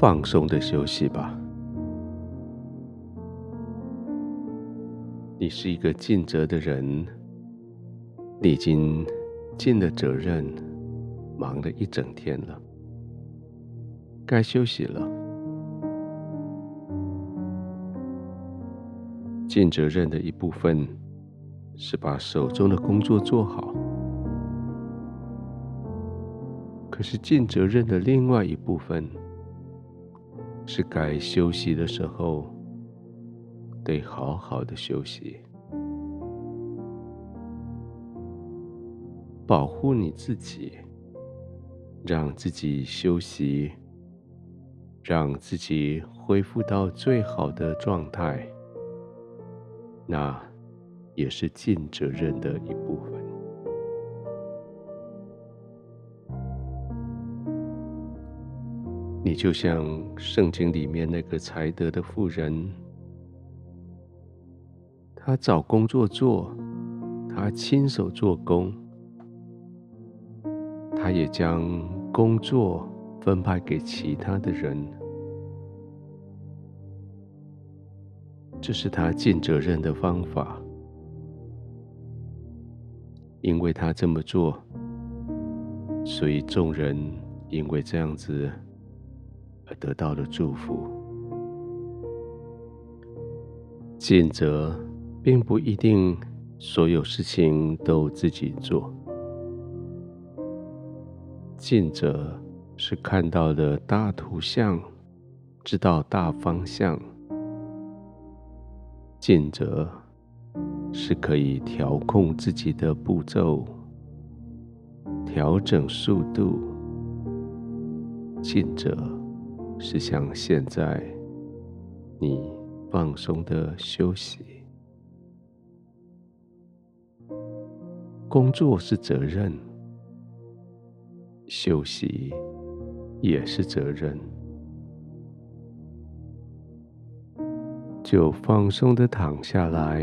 放鬆的休息吧。你是一個盡責的人，你已經盡了責任，忙了一整天了，該休息了。盡責任的一部分是把手中的工作做好，可是盡責任的另外一部分，是該休息的時候，得好好的休息，保護你自己，讓自己休息，讓自己恢復到最好的狀態，那也是盡責任的一部分。你就像聖經裡面那個才德的婦人，她找工作做，她親手做工，她也將工作分派給其他的人，這是她盡責任的方法。因為她這麼做，所以眾人因為這樣子。而得到的祝福。盡責並不一定所有事情都自己做，盡責是看到的大圖像，知道大方向。盡責是可以調控自己的步驟，調整速度。盡責。是像現在，你放鬆的休息，工作是責任，休息也是責任，就放鬆的躺下來，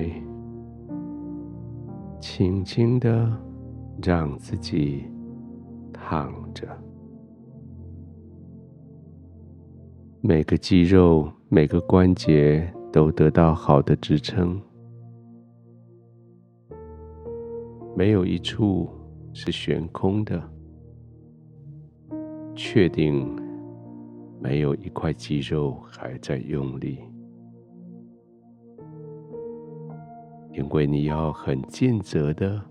輕輕的讓自己躺着。每個肌肉、每個關節都得到好的支撐，沒有一處是懸空的。確定沒有一塊肌肉還在用力，因為你要很盡責的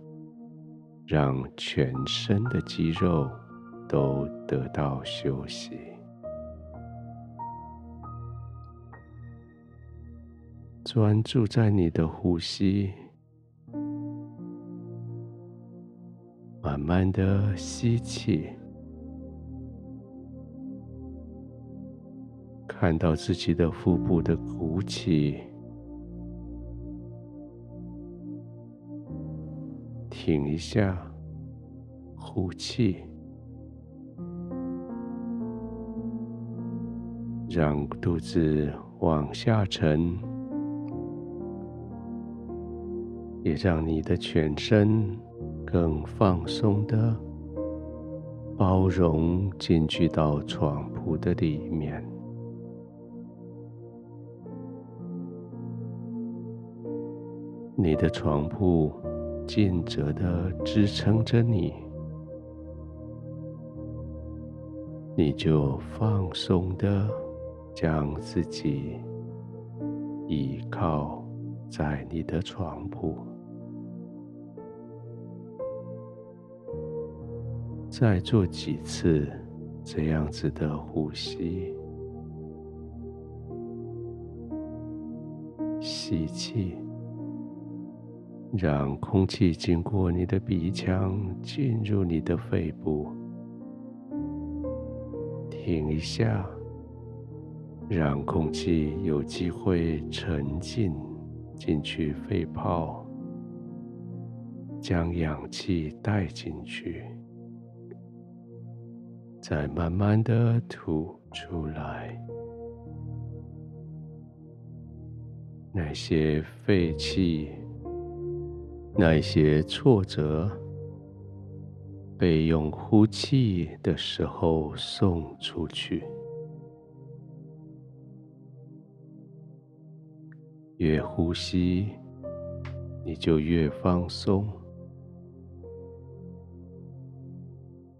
讓全身的肌肉都得到休息。專注在你的呼吸，慢慢的吸氣，看到自己的腹部的鼓起，挺一下，呼氣，讓肚子往下沉。也讓你的全身更放鬆的包容進去到床鋪的裡面，你的床鋪盡責的支撐着你，你就放鬆的將自己倚靠在你的床鋪。再做幾次這樣子的呼吸，吸氣，讓空氣經過你的鼻腔進入你的肺部。停一下，讓空氣有機會沉浸進去肺泡，將氧氣帶進去。再慢慢的吐出來，那些廢氣，那些挫折，被用呼氣的時候送出去。越呼吸，你就越放鬆，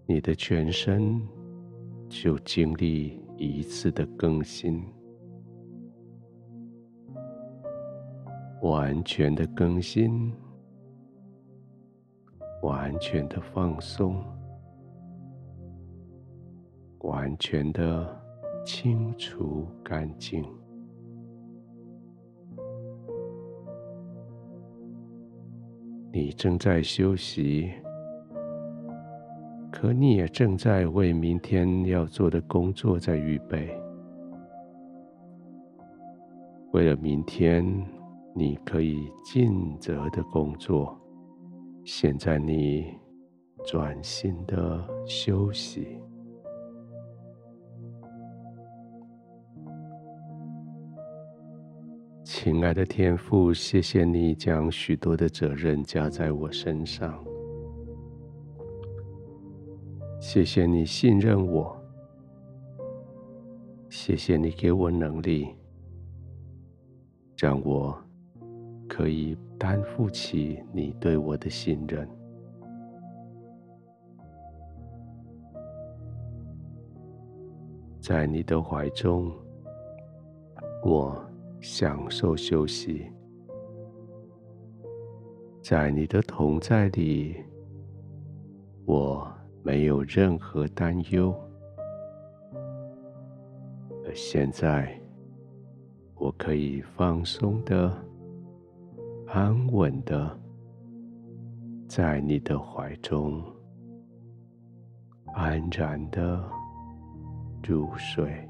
你的全身。就經歷一次的更新，完全的更新，完全的放鬆，完全的清除乾淨。你正在休息。可你也正在為明天要做的工作在預備，為了明天你可以盡責的工作。現在你專心的休息。親愛的天父，謝謝你將許多的責任加在我身上。謝謝你信任我，謝謝你給我能力，讓我可以擔負起你對我的信任。在你的懷中，我享受休息；在你的同在裡，我。沒有任何擔憂，而現在我可以放鬆的、安穩的，在你的懷中安然的入睡。